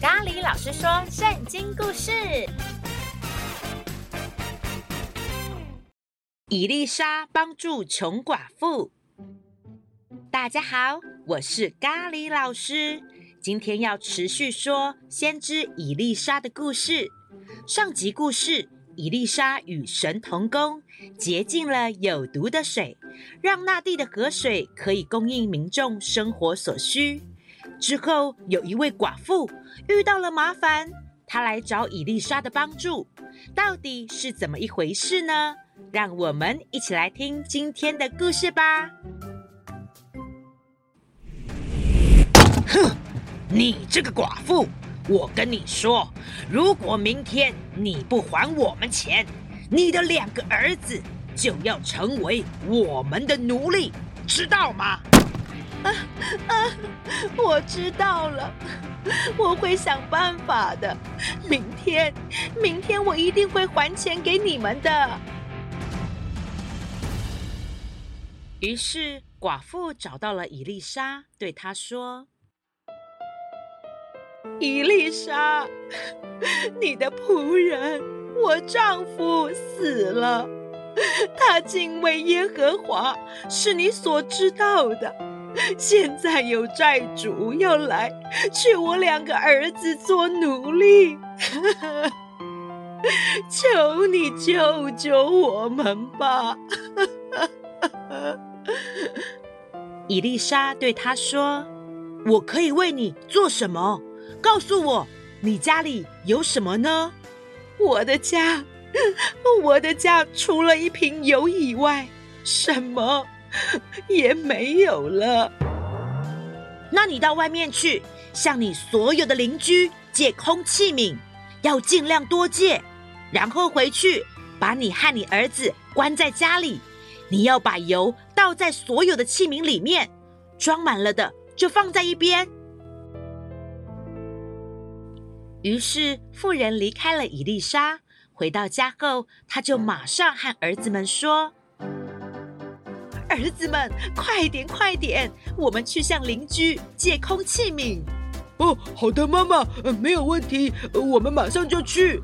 咖哩老師說聖經故事：以利沙幫助窮寡婦。大家好，我是咖哩老師，今天要持續說先知以利沙的故事。上集故事，以利沙與神同工，潔淨了有毒的水，讓那地的河水可以供應民眾生活所需。之後有一位寡婦遇到了麻煩，她來找以利沙的幫助，到底是怎麼一回事呢？讓我們一起來聽今天的故事吧。哼，你這個寡婦，我跟你說，如果明天你不還我們錢，你的兩個兒子就要成為我們的奴隸，知道嗎？啊啊！我知道了，我會想辦法的。明天，明天我一定會還錢給你們的。於是，寡婦找到了以利沙，對她說：“以利沙，你的僕人，我丈夫死了，他敬畏耶和華，是你所知道的。”現在有債主要來，取我兩個兒子做奴隸。 求你救救我們吧！以利 沙對他說：“我可以為你做什麼？告訴我，你家裡有什麼呢？”我的家，我的家，除了一瓶油以外，什麼也沒有了。那你到外面去，向你所有的鄰居借空器皿，要盡量多借，然後回去把你和你兒子關在家裡。你要把油倒在所有的器皿裡面，裝滿了的就放在一邊。於是婦人離開了以利沙，回到家後，她就馬上和兒子們說。兒子們，快點快點，我們去向鄰居借空器皿。哦，好的，媽媽，呃，沒有問題，呃，我們馬上就去。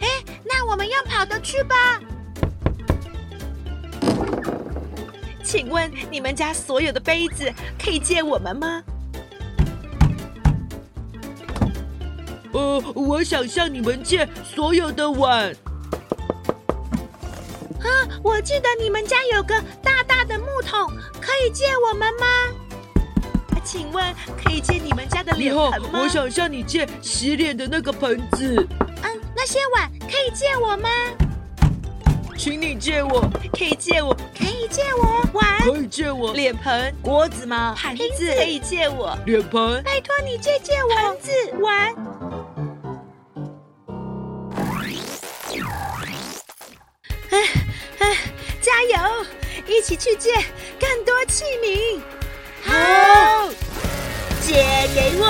哎，那我們用跑的去吧。請問你們家所有的杯子可以借我們嗎？呃，我想向你們借所有的碗。我記得你們家有個大大的木桶，可以借我們嗎？請問可以借你們家的臉盆嗎？你好，我想向你借洗臉的那個盆子。嗯，那些碗可以借我嗎？請你借我，可以借我，可以借我碗，可以借我臉盆、鍋子嗎？盤子可以借我臉盆，臉盆拜託你借借我盤子，子碗。哎玩。加油！一起去借更多器皿。好，哦、借給我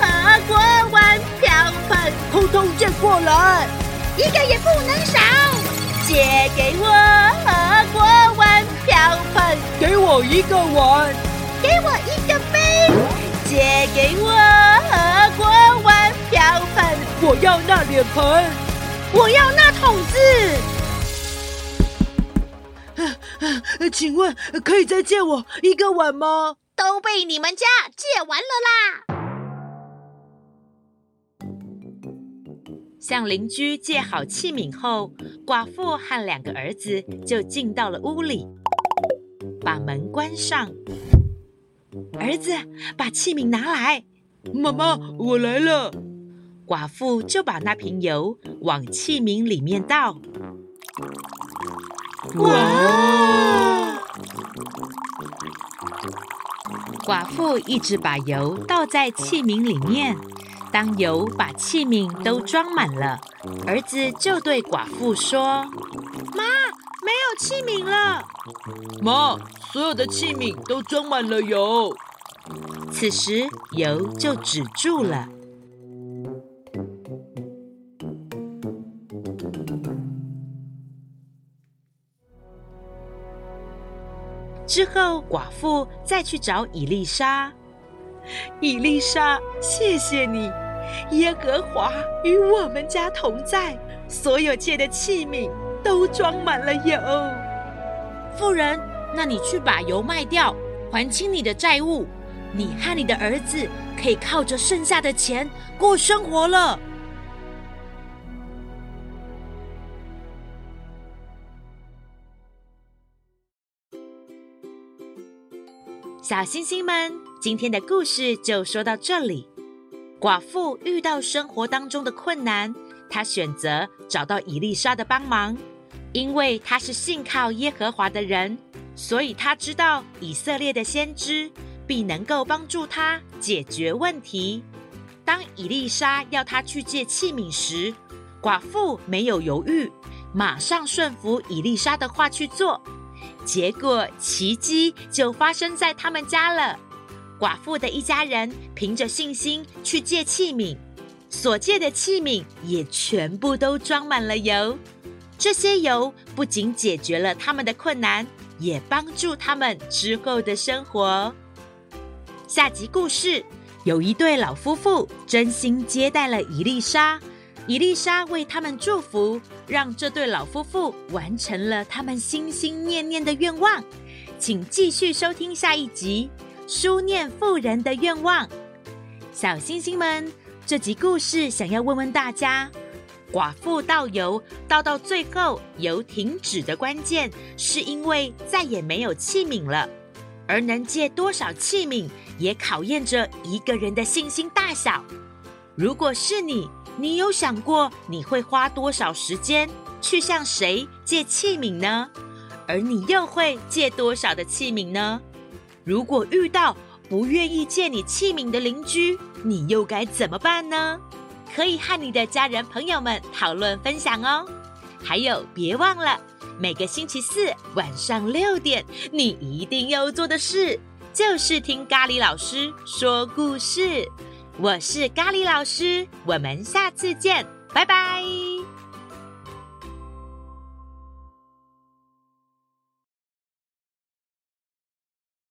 和鍋碗瓢盆，通通借過來，一個也不能少。借給我和鍋碗瓢盆，給我一個碗，給我一個杯。哦、借給我和鍋碗瓢盆，我要那臉盆，我要那桶子。請問可以再借我一個碗嗎？都被你們家借完了啦！向鄰居借好器皿後，寡婦和兩個兒子就進到了屋裡，把門關上。兒子，把器皿拿來。媽媽，我來了。寡婦就把那瓶油往器皿裡面倒。哇！哇寡婦一直把油倒在器皿裡面，當油把器皿都裝滿了，兒子就對寡婦說：“媽，沒有器皿了。”“媽，所有的器皿都裝滿了油。”此時，油就止住了。之後，寡婦再去找以利沙。以利沙，謝謝你，耶和華與我們家同在。所有借的器皿都裝滿了油。婦人，那你去把油賣掉，還清你的債務。你和你的兒子可以靠着剩下的錢過生活了。小星星們，今天的故事就說到這裡。寡婦遇到生活當中的困難，她選擇找到以利沙的幫忙，因為她是信靠耶和華的人，所以她知道以色列的先知必能夠幫助她解決問題。當以利沙要她去借器皿時，寡婦沒有猶豫，馬上順服以利沙的話去做。結果，奇蹟就發生在他們家了。寡婦的一家人憑着信心去借器皿，所借的器皿也全部都裝滿了油。這些油不僅解決了他們的困難，也幫助他們之後的生活。下集故事，有一對老夫婦真心接待了以利沙。以利沙為他們祝福，讓這對老夫婦完成了他們心心念念的願望。請繼續收聽下一集《書念婦人的願望》。小星星們，這集故事想要問問大家：寡婦倒油倒到最後油停止的關鍵，是因為再也沒有器皿了；而能借多少器皿，也考驗着一個人的信心大小。如果是你，你有想過你會花多少時間去向誰借器皿呢？而你又會借多少的器皿呢？如果遇到不願意借你器皿的鄰居，你又該怎麼辦呢？可以和你的家人朋友們討論分享哦。還有，別忘了每個星期四晚上六點，你一定要做的事就是聽咖喱老師說故事。我是咖喱老師，我們下次見，拜拜。